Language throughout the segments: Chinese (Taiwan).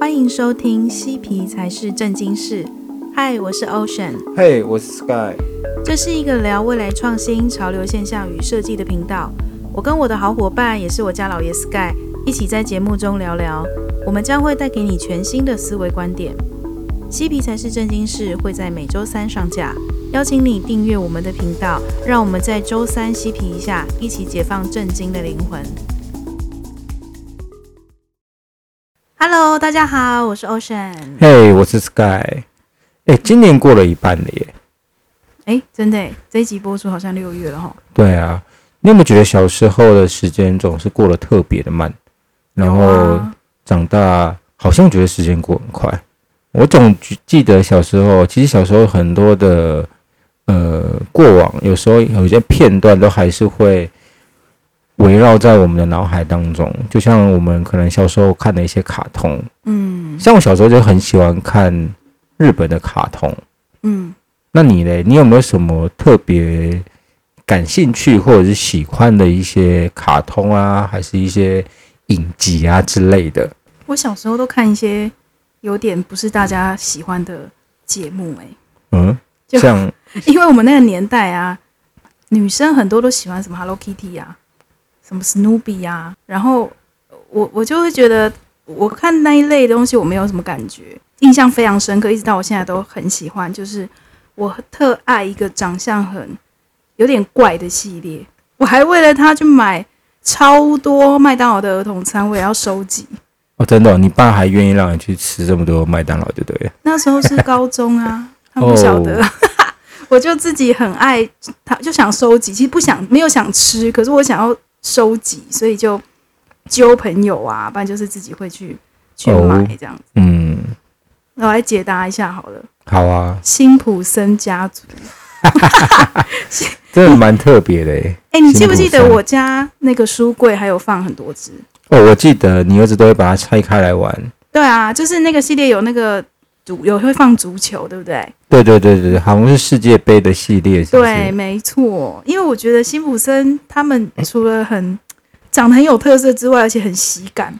歡迎收聽《嬉皮才是正經事》。嗨，我是 Ocean。嘿，hey, 我是 Sky。這是一個聊未來創新、潮流現象與設計的頻道。我跟我的好夥伴，也是我家老爺 Sky，一起在節目中聊聊。我們將會帶給你全新的思維觀點。嬉皮才是正經事，會在每周三上架。邀請你訂閱我們的頻道，讓我們在周三嬉皮一下，一起解放正經的靈魂。Hello，大家好，我是 Ocean。嘿，hey, 我是 Sky。誒，今年過了一半了耶！哎，真的，這一集播出好像六月了哈、哦。對啊，你有沒有覺得小時候的時間總是過得特別的慢，然後長大嗎好像覺得時間過很快。我總記得小時候，其實小時候很多的呃過往，有時候有一些片段都還是會。圍繞在我們的腦海當中，就像我們可能小時候看的一些卡通，嗯，像我小時候就很喜歡看日本的卡通，嗯，那你咧？你有沒有什麼特別感興趣或者是喜歡的一些卡通啊，還是一些影集啊之類的？我小時候都看一些有點不是大家喜歡的節目，欸，哎，嗯，就 像， 因為我們那個年代啊，女生很多都喜歡什麼 Hello Kitty 啊。什麼 Snoopy 啊，然後我我就會覺得我看那一類東西，我沒有什麼感覺。印象非常深刻，一直到我現在都很喜歡，就是我特愛一個長相很有點怪的系列，我還為了他，去買超多麥當勞的兒童餐，我也要收集。哦，真的哦，你爸還願意讓你去吃這麼多麥當勞，就對了。 那時候是高中啊，他不曉得，oh. 我就自己很愛他，就想收集，其實不想沒有想吃，可是我想要。收集，所以就交朋友啊，不然就是自己會去去買這樣子。哦、嗯，那我來解答一下好了。好啊，辛普森家族，這 蠻 特別的哎。欸、你記不記得我家那個書櫃還有放很多隻？哦，我記得你兒子都會把它拆開來玩。對啊，就是那個系列有那個。有會放足球，對不對？對對對對對，好像是世界盃的系列。是是對，沒錯，因為我覺得辛普森他們除了很、嗯、長得很有特色之外，而且很喜感。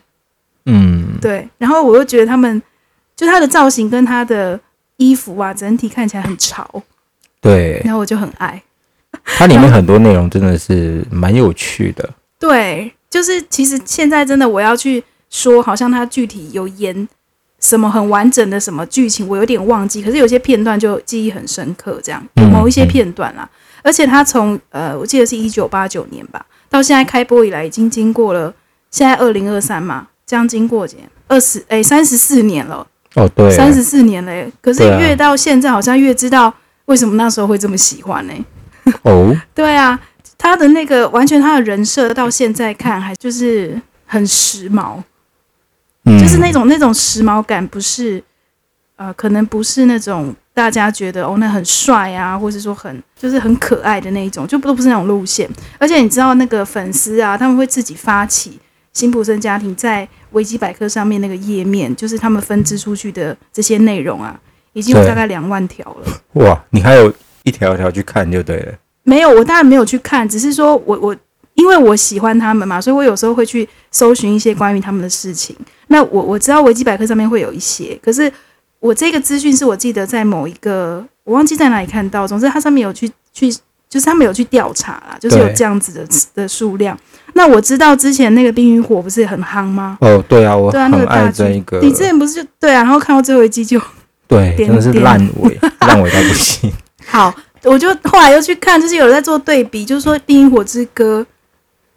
嗯，對。然後我又覺得他們就他的造型跟他的衣服啊，整體看起來很潮。對。然後我就很愛。它裡面很多內容真的是蠻有趣的。 對，就是其實現在真的我要去說，好像它具體有演。什麼很完整的什麼劇情，我有點忘記，可是有些片段就記憶很深刻，這樣有某一些片段啊，嗯嗯、而且他從呃我記得是一九八九年吧，到現在開播以來，已經經過了現在二零二三嘛，將經過幾年，二十，哎，三十四年了哦，對、啊，三十四年嘞、欸，可是越到現在好像越知道為什麼那時候會這麼喜歡呢、欸？哦， 對啊，他的那個完全他的人設到現在看還就是很時髦。就是那種那種時髦感，不是，呃，可能不是那種大家覺得哦，那很帥啊，或是說，很就是很可愛的那一種，就不都不是那種路線。而且你知道那個粉絲啊，他們會自己發起《辛普森家庭》在維基百科上面那個頁面，就是他們分支出去的這些內容啊，已經有大概兩萬條了。哇，你還有一條一條去看就對了。沒有，我當然沒有去看，只是說我我。因為我喜歡他們嘛，所以我有時候會去搜尋一些關於他們的事情。那我我知道維基百科上面會有一些，可是我這個資訊是我記得在某一個我忘記在哪裡看到。總之它上面有去去，就是他們有去調查啦，就是有這樣子的對的數量。那我知道之前那個冰與火不是很夯嗎？哦，對啊，我很愛這一個。你之前不是就對啊？然後看到最後一集就點點對，真的是爛尾，爛尾到不行。 好，我就後來又去看，就是有人在做對比，就是說冰與火之歌。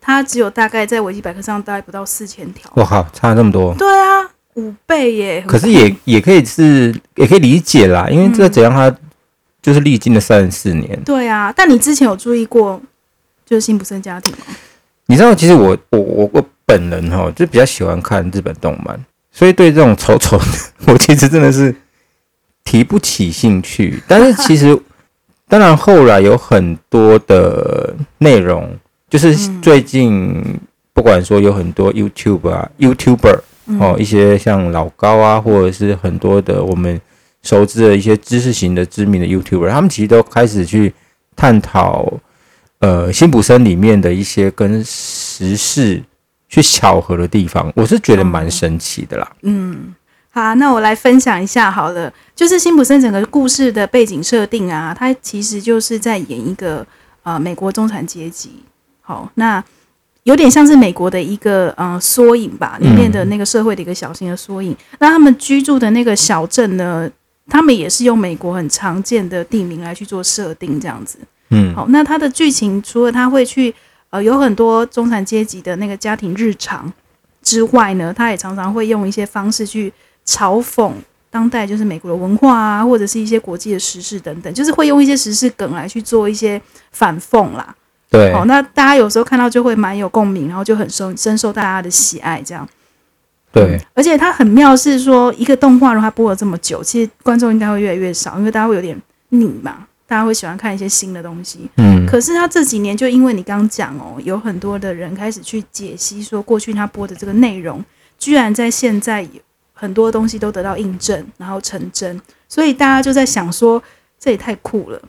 它只有大概在維基百科上大概不到四千條。我靠，差這麼多！對啊，五倍耶！可是也 也可以是也可以理解啦，因為這個怎樣，它就是歷經了三十四年。對啊，但你之前有注意過，就是辛普森家庭？你知道，其實我我我我本人哈，就比較喜歡看日本動漫，所以對這種醜醜的，我其實真的是提不起興趣。 但是其實，當然後來有很多的內容。就是最近，不管說有很多 YouTube 啊、YouTuber、嗯、哦，一些像老高啊，或者是很多的我們熟知的一些知識型的知名的 YouTuber，他們其實都開始去探討呃辛普森裡面的一些跟時事去巧合的地方，我是覺得蠻神奇的啦、哦。嗯，好，那我來分享一下好了，就是辛普森整個故事的背景設定啊，它其實就是在演一個呃美國中產階級。好，那有點像是美國的一個呃縮影吧，裡面的那個社會的一個小型的縮影。嗯，那他們居住的那個小鎮呢，他們也是用美國很常見的地名來去做設定，這樣子。嗯，好，那他的劇情除了他會去呃有很多中產階級的那個家庭日常之外呢，他也常常會用一些方式去嘲諷當代就是美國的文化啊，或者是一些國際的時事等等，就是會用一些時事梗來去做一些反諷啦。對，好、哦，那大家有時候看到就會蠻有共鳴，然後就很受深受大家的喜愛，這樣。對、嗯，而且它很妙是說一個動畫如果它播了這麼久，其實觀眾應該會越來越少，因為大家會有點膩嘛，大家會喜歡看一些新的東西。嗯，可是它這幾年就因為你剛講哦，有很多的人開始去解析說過去它播的這個內容，居然在現在很多東西都得到印證，然後成真，所以大家就在想說，這也太酷了。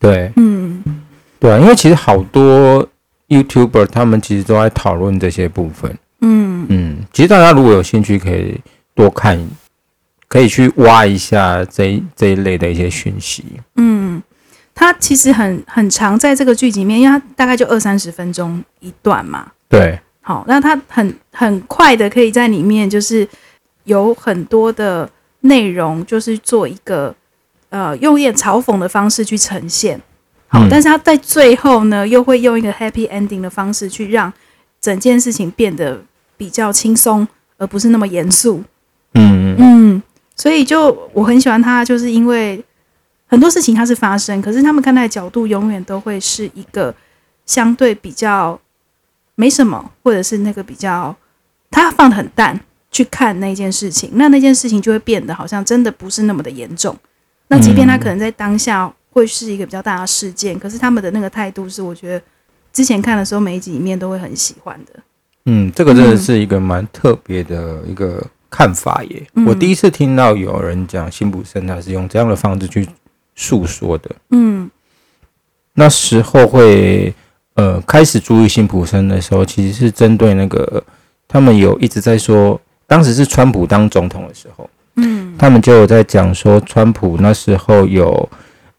對，嗯。嗯對啊，因為其實好多 YouTuber 他們其實都在討論這些部分。嗯嗯，其實大家如果有興趣，可以多看，可以去挖一下這一這一類的一些訊息。嗯，它其實很很長，在這個劇集裡面，因為它大概就二三十分鐘一段嘛。對，好，那它很很快的，可以在裡面就是有很多的內容，就是做一個呃，用一點嘲諷的方式去呈現。好，但是他在最後呢，又會用一個 happy ending 的方式去讓整件事情變得比較輕鬆，而不是那麼嚴肅。嗯嗯，所以就我很喜歡他，就是因為很多事情它是發生，可是他們看待的角度永遠都會是一個相對比較沒什麼，或者是那個比較他放得很淡去看那件事情，那那件事情就會變得好像真的不是那麼的嚴重。那即便他可能在當下。會是一個比較大的事件，可是他們的那個態度是，我覺得之前看的時候每一集裡面都會很喜歡的。嗯，這個真的是一個蠻特別的一個看法耶。嗯，我第一次聽到有人講辛普森，他是用這樣的方式去訴說的。嗯，那時候會呃開始注意辛普森的時候，其實是針對那個他們有一直在說，當時是川普當總統的時候，嗯，他們就有在講說川普那時候有。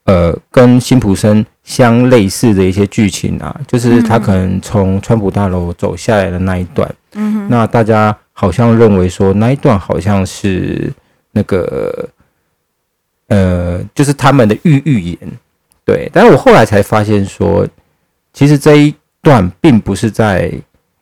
呃，跟辛普森相類似的一些劇情啊，就是他可能從川普大樓走下來的那一段。嗯哼，那大家好像認為說那一段好像是那個呃，就是他們的預預言。對，但是我後來才發現說，其實這一段並不是在，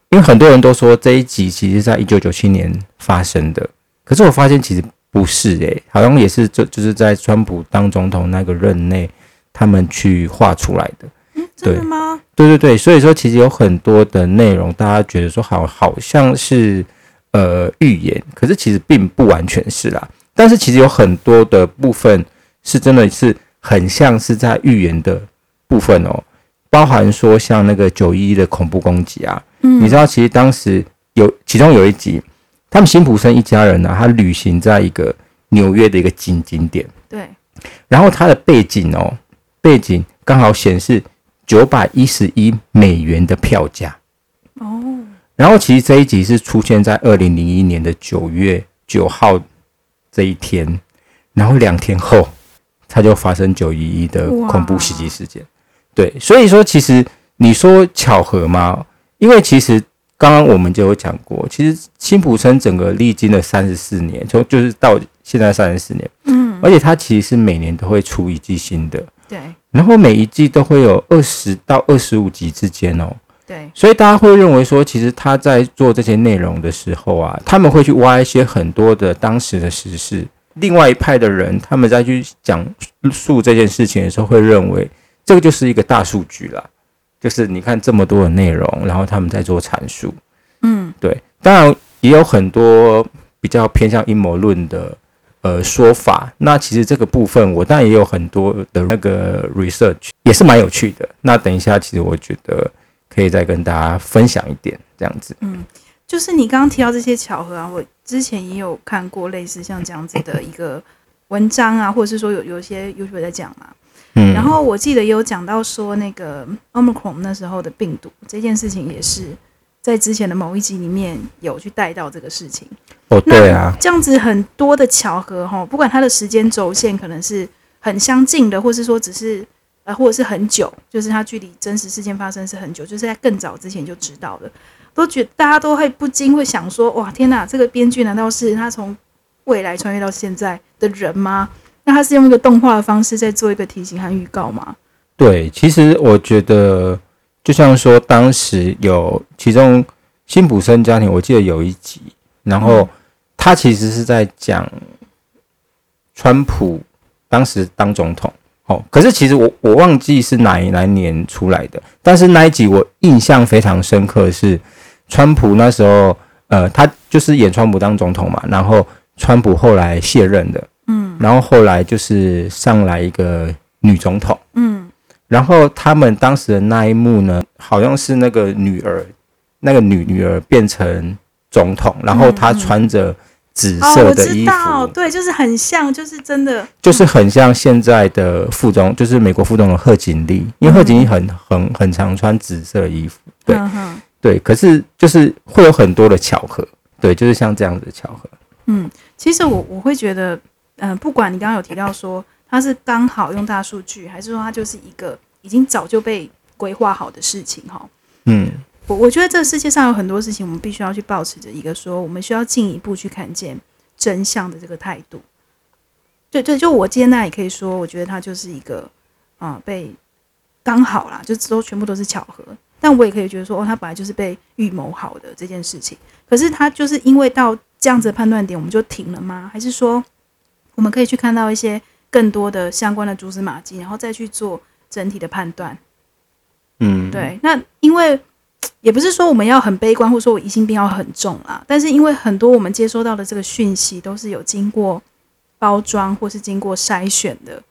因為很多人都說這一集其實在一九九七年發生的，可是我發現其實。不是誒、欸，好像也是就，就就是在川普當總統那個任內，他們去畫出來的。嗯，真的嗎？對對對，所以說其實有很多的內容，大家覺得說好好像是呃預言，可是其實並不完全是啦、啊。但是其實有很多的部分是真的是很像是在預言的部分哦，包含說像那個九一一的恐怖攻擊啊，嗯、你知道，其實當時有其中有一集。他們辛普森一家人呢、啊，他旅行在一個紐約的一個景景點。對，然後他的背景哦，背景剛好顯示九百一十一美元的票價。哦，然後其實這一集是出現在二零零一年的九月九號這一天，然後兩天後他就發生九一一的恐怖襲擊事件。哇對，所以說其實你說巧合嗎？因為其實。剛剛我們就有講過，其實《辛普森》整個歷經了三十四年，從就是到現在三十四年，嗯，而且它其實是每年都會出一季新的，對。然後每一季都會有二十到二十五集之間哦，對。所以大家會認為說，其實他在做這些內容的時候啊，他們會去挖一些很多的當時的時事。另外一派的人，他們在去講述這件事情的時候，會認為這個就是一個大數據啦。就是你看這麼多的內容，然後他們在做闡述，嗯，對，當然也有很多比較偏向陰謀論的呃說法。那其實這個部分我當然也有很多的那個 research，也是蠻有趣的。那等一下，其實我覺得可以再跟大家分享一點這樣子。嗯，就是你剛剛提到這些巧合啊，我之前也有看過類似像這樣子的一個文章啊，或者是說有有些 YouTuber 在講嘛、啊。然後我記得有講到說那個 Omicron 那時候的病毒這件事情，也是在之前的某一集裡面有去帶到這個事情。哦，對啊，這樣子很多的巧合哈，不管它的時間軸線可能是很相近的，或是說只是呃，或者是很久，就是它距離真實事件發生是很久，就是在更早之前就知道的，都覺得大家都會不禁會想說，哇，天哪，這個編劇難道是他從未來穿越到現在的人嗎？那他是用一個動畫的方式在做一個提醒和預告嗎？對，其實我覺得，就像說當時有其中《辛普森家庭》，我記得有一集，然後他其實是在講川普當時當總統哦。可是其實我我忘記是哪一，哪一年出來的，但是那一集我印象非常深刻，是川普那時候呃，他就是演川普當總統嘛，然後川普後來卸任的。嗯，然後後來就是上來一個女總統，嗯，然後他們當時的那一幕呢，好像是那個女兒，那個女女兒變成總統，然後她穿着紫色的衣服，對、嗯，哦、我知道就是很像，就是真的，就、嗯、是很像現在的副總，就是美國副總統賀錦麗，因為賀錦麗很、嗯、很很常穿紫色衣服，對、嗯、哼對，可是就是會有很多的巧合，對，就是像這樣子的巧合，嗯，其實我我會覺得。嗯，不管你剛剛有提到說它是剛好用大數據，還是說它就是一個已經早就被規劃好的事情哈？嗯，我我覺得這個世界上有很多事情，我們必須要去保持着一個說我們需要進一步去看見真相的這個態度。對對，就我今天也可以說，我覺得它就是一個啊、呃、被剛好啦，就都全部都是巧合。但我也可以覺得說，哦，它本來就是被預謀好的這件事情。可是它就是因為到這樣子的判斷點，我們就停了嗎？還是說？我們可以去看到一些更多的相關的蛛絲馬跡，然後再去做整體的判斷。嗯，嗯，對。那因為也不是說我們要很悲觀，或說我疑心病要很重啦。但是因為很多我們接收到的這個訊息都是有經過包裝或是經過篩選的，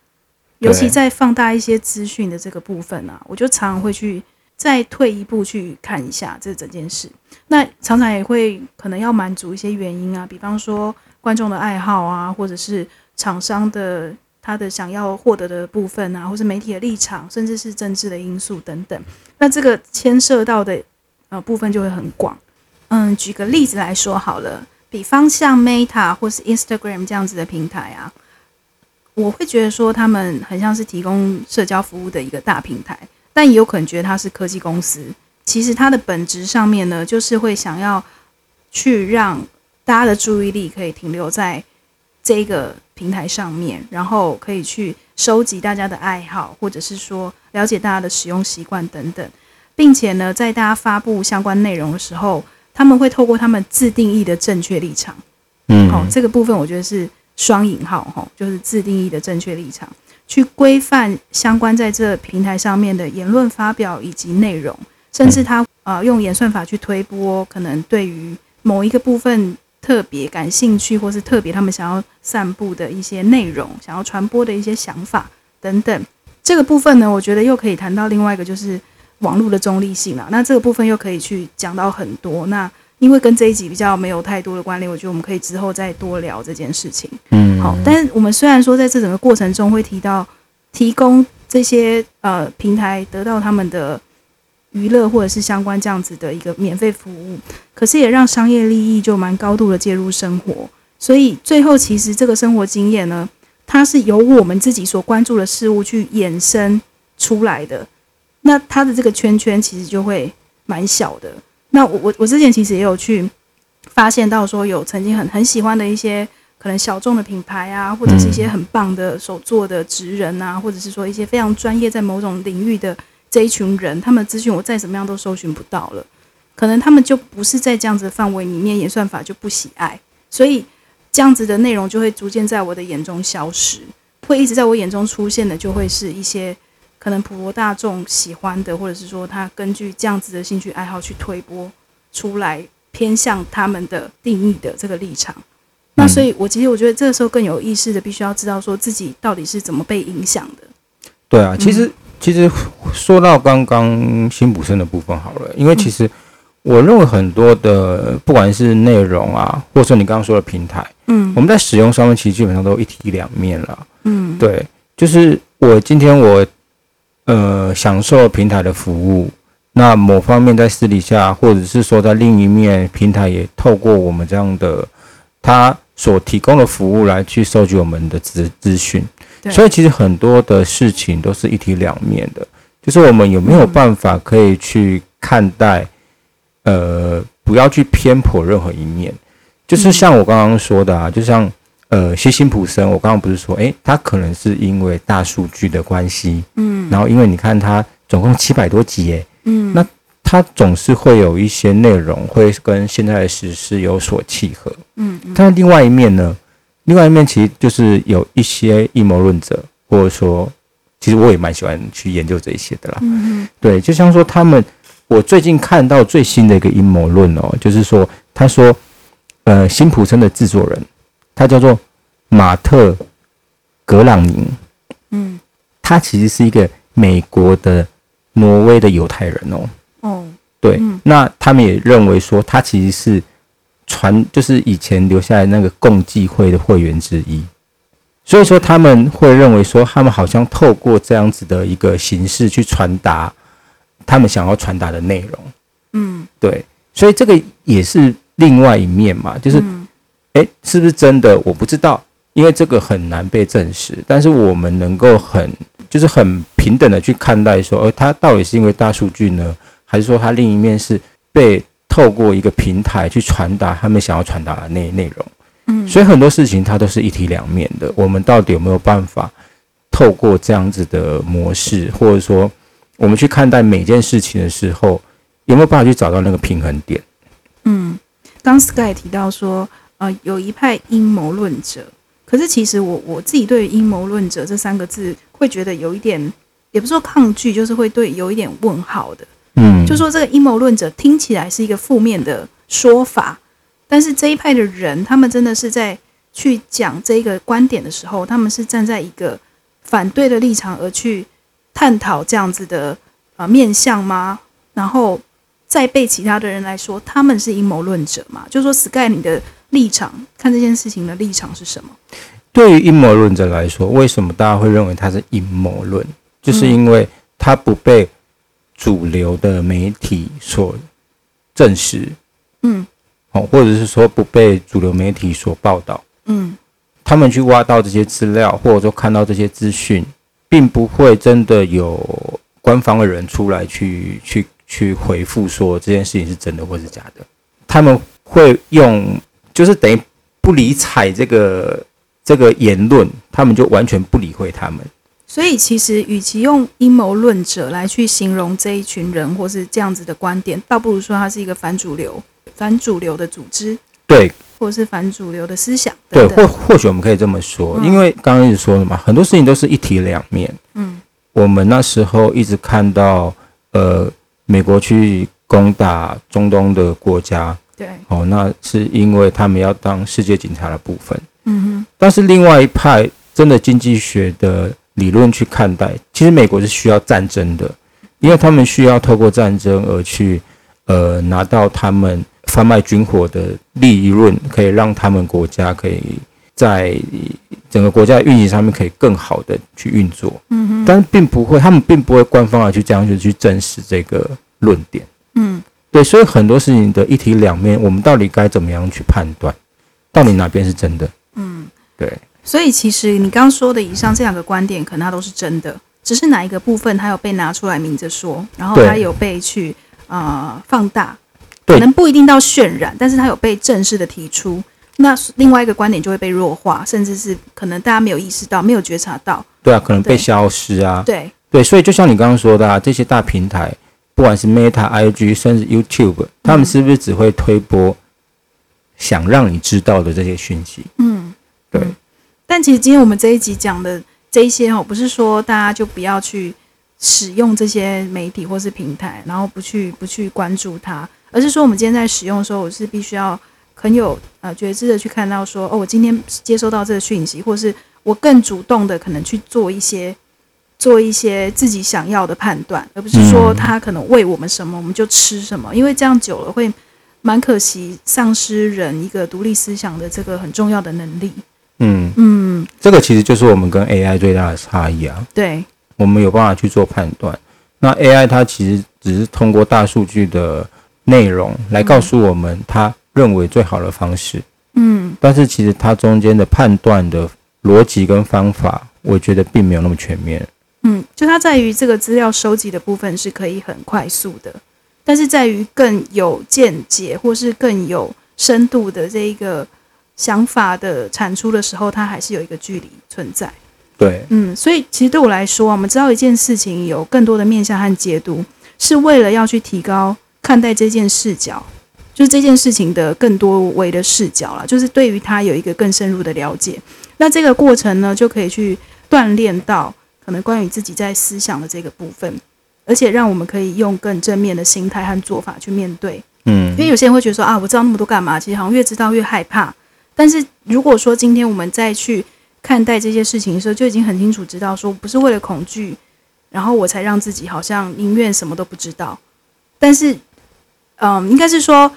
尤其在放大一些資訊的這個部分啊，對我就常常會去再退一步去看一下這整件事。那常常也會可能要滿足一些原因啊，比方說。觀眾的愛好啊，或者是廠商的他的想要獲得的部分啊，或是媒體的立場，甚至是政治的因素等等，那這個牽涉到的呃部分就會很廣。嗯，舉個例子來說好了，比方像 Meta 或是 Instagram 這樣子的平台啊，我會覺得說他們很像是提供社交服務的一個大平台，但也有可能覺得它是科技公司。其實它的本質上面呢，就是會想要去讓，大家的注意力可以停留在這一個平台上面，然後可以去收集大家的愛好，或者是說了解大家的使用習慣等等，並且呢，在大家發布相關內容的時候，他們會透過他們自定義的正確立場，嗯，哦，這個部分我覺得是雙引號，哈、哦，就是自定義的正確立場，去規範相關在這平台上面的言論發表以及內容，甚至他啊、呃，用演算法去推播，可能對於某一個部分。特別感興趣，或是特別他們想要散布的一些內容，想要傳播的一些想法等等，這個部分呢，我覺得又可以談到另外一個，就是網絡的中立性了。那這個部分又可以去講到很多。那因為跟這一集比較沒有太多的關聯，我覺得我們可以之後再多聊這件事情。嗯，好。但是我們雖然說在這整個過程中會提到提供這些呃平台得到他們的。娛樂或者是相關這樣子的一個免費服務，可是也讓商業利益就蠻高度的介入生活，所以最後其實這個生活經驗呢，它是由我們自己所關注的事物去衍生出來的，那它的這個圈圈其實就會蠻小的。那我我我之前其實也有去發現到說，有曾經很很喜歡的一些可能小眾的品牌啊，或者是一些很棒的手作的職人啊，或者是說一些非常專業在某種領域的。這一群人，他們的資訊我再怎麼樣都搜尋不到了，可能他們就不是在這樣子的範圍裡面，演算法就不喜愛，所以這樣子的內容就會逐漸在我的眼中消失。會一直在我眼中出現的，就會是一些可能普羅大眾喜歡的，或者是說他根據這樣子的興趣愛好去推播出來，偏向他們的定義的這個立場。嗯、那所以，我其實我覺得這個時候更有意識的，必須要知道說自己到底是怎麼被影響的。對啊，嗯、其實。其實說到剛剛辛普森的部分好了，因為其實我認為很多的，不管是內容啊，或者說你剛剛說的平臺，嗯，我們在使用上面其實基本上都一體兩面了，嗯，對，就是我今天我呃享受平臺的服務，那某方面在私底下，或者是說在另一面，平臺也透過我們這樣的他所提供的服務來去收集我們的資資訊。所以其實很多的事情都是一體兩面的，就是我們有沒有辦法可以去看待，嗯、呃，不要去偏頗任何一面。就是像我剛剛說的啊，就像呃，西辛普森，我剛剛不是說，誒，他可能是因為大數據的關係，嗯，然後因為你看他總共七百多集，誒嗯，那他總是會有一些內容會跟現在的時事有所契合，嗯，嗯但是另外一面呢？另外一面，其實就是有一些陰謀論者，或者說，其實我也蠻喜歡去研究這一些的啦。嗯嗯。對，就像說他們，我最近看到最新的一個陰謀論哦，就是說，他說，呃，辛普森的制作人，他叫做馬特·格朗寧。嗯，他其實是一個美國的挪威的猶太人哦。哦。嗯。對。那他們也認為說，他其實是。傳就是以前留下來那個共濟會的會員之一，所以說他們會認為說他們好像透過這樣子的一個形式去傳達他們想要傳達的內容，嗯，對，所以這個也是另外一面嘛，就是，誒、嗯欸，是不是真的我不知道，因為這個很難被證實，但是我們能夠很就是很平等的去看待說，呃，他到底是因為大數據呢，還是說他另一面是被。透過一個平台去傳達他們想要傳達的那內容，嗯，所以很多事情它都是一體兩面的。我們到底有沒有辦法透過這樣子的模式，或者說我們去看待每件事情的時候，有沒有辦法去找到那個平衡點？嗯，剛 Sky 提到說，呃，有一派陰謀論者，可是其實我我自己對陰謀論者這三個字會覺得有一點，也不是說抗拒，就是會對有一點問號的。嗯，就說這個陰謀論者聽起來是一個負面的說法，但是這一派的人，他們真的是在去講這個觀點的時候，他們是站在一個反對的立場而去探討這樣子的啊、呃、面向嗎？然後再被其他的人來說他們是陰謀論者嗎？就說 Sky 你的立場，看這件事情的立場是什麼？對於陰謀論者來說，為什麼大家會認為他是陰謀論？就是因為他不被。主流的媒體所證實，嗯，哦，或者是說不被主流媒體所報道，嗯，他們去挖到這些資料，或者說看到這些資訊，並不會真的有官方的人出來去去去回復說這件事情是真的或是假的，他們會用就是等於不理睬，這個這個言論，他們就完全不理會他們。所以其實，與其用陰謀論者來去形容這一群人，或是這樣子的觀點，倒不如說他是一個反主流、反主流的組織，對，或是反主流的思想，對，對對或或許我們可以這麼說，嗯，因為剛剛一直說了嘛，很多事情都是一體兩面。嗯，我們那時候一直看到，呃，美國去攻打中東的國家，對，哦，那是因為他們要當世界警察的部分。嗯哼，但是另外一派真的經濟學的。理論去看待，其實美國是需要戰爭的，因為他們需要透過戰爭而去，呃，拿到他們販賣軍火的利潤，可以讓他們國家可以在整個國家的運營上面可以更好的去運作。嗯哼但是並不會，他們並不會官方來去這樣去去證實這個論點。嗯，對。所以很多事情的一體兩面，我們到底該怎麼樣去判斷，到底哪邊是真的？嗯，對。所以其實你剛剛說的以上這兩個觀點，可能它都是真的，只是哪一個部分它有被拿出來明着說，然後它有被去啊對、呃、放大，可能不一定到渲染，對但是它有被正式的提出。那另外一個觀點就會被弱化，甚至是可能大家沒有意識到，沒有覺察到。對啊，可能被消失啊。對對，所以就像你剛剛說的，啊，這些大平台，不管是 Meta、IG，甚至 YouTube，他、嗯、們是不是只會推播想讓你知道的這些訊息？嗯，對。但其實今天我們這一集講的這一些哦，不是說大家就不要去使用這些媒體或是平台，然後不去不去關注它，而是說我們今天在使用的時候，我是必須要很有呃覺知的去看到說，哦，我今天接收到這個訊息，或是我更主動的可能去做一些做一些自己想要的判斷，而不是說他可能餵我們什麼我們就吃什麼，因為這樣久了會蠻可惜，喪失人一個獨立思想的這個很重要的能力。嗯嗯，嗯，這個其實就是我們跟 AI 最大的差異啊。對，我們有辦法去做判斷。那 AI 它其實只是通過大數據的內容來告訴我們它認為最好的方式。嗯，但是其實它中間的判斷的邏輯跟方法，我覺得並沒有那麼全面。嗯，就它在於這個資料收集的部分是可以很快速的，但是在於更有見解或是更有深度的這一個。想法的產出的時候，它還是有一個距離存在。對，嗯，所以其實對我來說，我們知道一件事情有更多的面向和解讀，是為了要去提高看待這件視角，就是這件事情的更多維的視角了，就是對於它有一個更深入的了解。那這個過程呢，就可以去鍛鍊到可能關於自己在思想的這個部分，而且讓我們可以用更正面的心態和做法去面對。嗯，因為有些人會覺得說啊，我知道那麼多幹嘛？其實好像越知道越害怕。但是如果說今天我們再去看待這些事情的時候，就已經很清楚知道，說不是為了恐懼，然後我才讓自己好像寧願什麼都不知道。但是，嗯、呃，應該是說，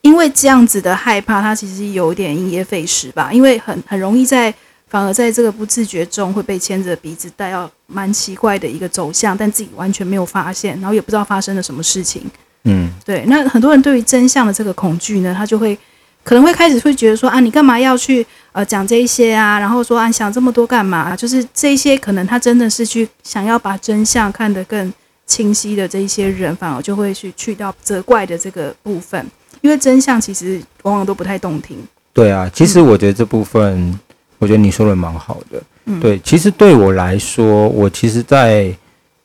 因為這樣子的害怕，它其實有點因噎廢食吧，因為很很容易在反而在這個不自覺中會被牽着鼻子帶到蠻奇怪的一個走向，但自己完全沒有發現，然後也不知道發生了什麼事情。嗯，對。那很多人對於真相的這個恐懼呢，他就會。可能會開始會覺得說啊，你幹嘛要去呃講這一些啊？然後說啊，想這麼多幹嘛啊？就是這些可能他真的是去想要把真相看得更清晰的這一些人，反而就會去去到責怪的這個部分，因為真相其實往往都不太動聽。對啊，其實我覺得這部分，嗯，我覺得你說的蠻好的。對，其實對我來說，我其實在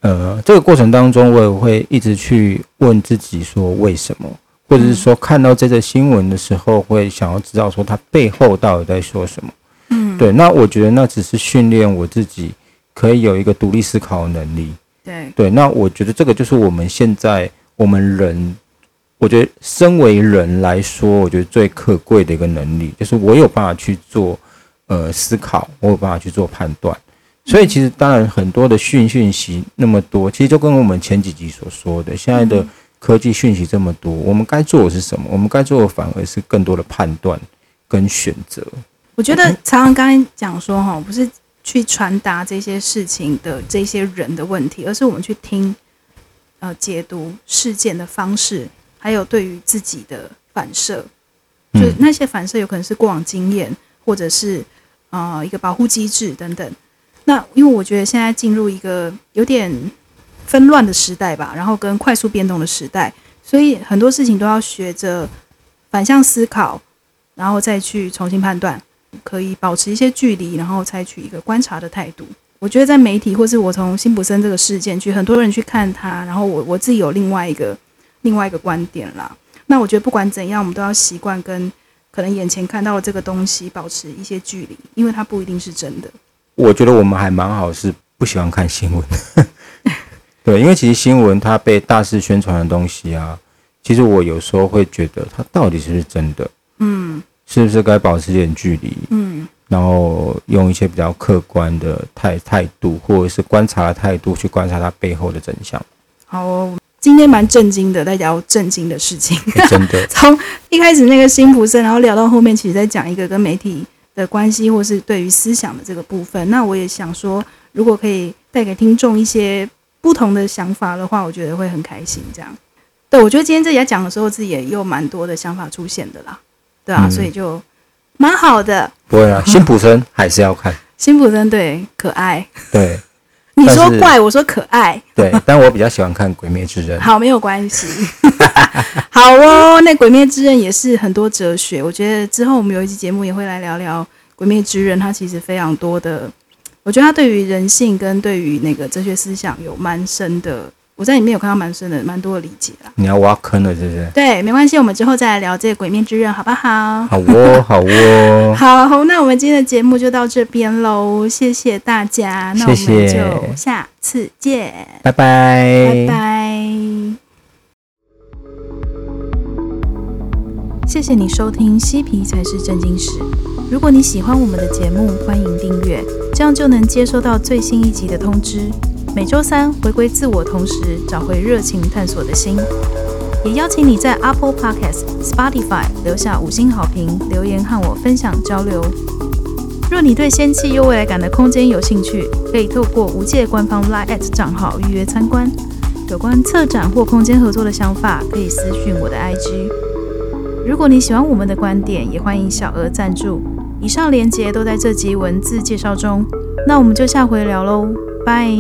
呃這個過程當中，我也會一直去問自己說為什麼。或者是說看到這個新聞的時候，會想要知道說它背後到底在說什麼。嗯，對。那我覺得那只是訓練我自己可以有一個獨立思考的能力。對。對對。那我覺得這個就是我們現在我們人，我覺得身為人來說，我覺得最可貴的一個能力，就是我有辦法去做呃思考，我有辦法去做判斷。所以其實當然很多的訊訊息那麼多，其實就跟我們前幾集所說的現在的，嗯。科技訊息這麼多，我們該做的是什麼？我們該做的反而是更多的判斷跟選擇。我覺得常常剛才講說，哈，不是去傳達這些事情的這些人的問題，而是我們去聽，呃，解讀事件的方式，還有對於自己的反射。就是、那些反射，有可能是過往經驗，或者是啊、呃，一個保護機制等等。那因為我覺得現在進入一個有點。紛亂的時代吧，然後跟快速變動的時代，所以很多事情都要學着反向思考，然後再去重新判斷，可以保持一些距離，然後採取一個觀察的態度。我覺得在媒體或是我從辛普森這個事件去，很多人去看他，然後我我自己有另外一個另外一個觀點啦。那我覺得不管怎樣，我們都要習慣跟可能眼前看到的這個東西保持一些距離，因為它不一定是真的。我覺得我們還蠻好，是不喜歡看新聞。 對，因為其實新聞它被大肆宣傳的東西啊，其實我有時候會覺得它到底是不是真的？嗯，是不是該保持一點距離？嗯，然後用一些比較客觀的態態度，或者是觀察的態度去觀察它背後的真相。好，哦，今天蠻震驚的，大家要震驚的事情。欸、真的， 從一開始那個辛普森，然後聊到後面，其實在講一個跟媒體的關係，或是對於思想的這個部分。那我也想說，如果可以帶給聽眾一些不同的想法的話，我覺得會很開心。這樣，對我覺得今天自己在講的時候，自己也有蠻多的想法出現的啦。對啊，嗯、所以就蠻好的。不會啊，辛普森還是要看辛、嗯、普森，對，可愛。對，你說怪，我說可愛。對, 對，但我比較喜歡看《鬼滅之刃》。好，沒有關係。 好哦，那《鬼滅之刃》也是很多哲學。 我覺得之後我們有一期節目也會來聊聊《鬼滅之刃》，它其實非常多的。我覺得他對於人性跟對於那個哲學思想有蠻深的，我在裡面有看到蠻深的、蠻多的理解啦。你要挖坑了，是不是？對，沒關係，我們之後再來聊這個《鬼滅之刃》，好不好？好哦，好哦。 好，那我們今天的節目就到這邊嘍，謝謝大家。謝謝，那我們就下次見，拜拜 bye，拜拜 bye。謝謝你收聽，《嬉皮才是正經事》。如果你喜歡我們的節目，歡迎訂閱，這樣就能接收到最新一集的通知。每周三回歸自我，同時找回熱情探索的心。也邀請你在 Apple Podcasts、Spotify 留下五星好評，留言和我分享交流。若你對仙氣又未來感的空間有興趣，可以透過無界官方 Line@ 賬號預約參觀。有關策展或空間合作的想法，可以私訊我的 IG。如果你喜歡我們的觀點，也歡迎小額贊助。以上連結都在這集文字介紹中，那我們就下回聊嘍，拜。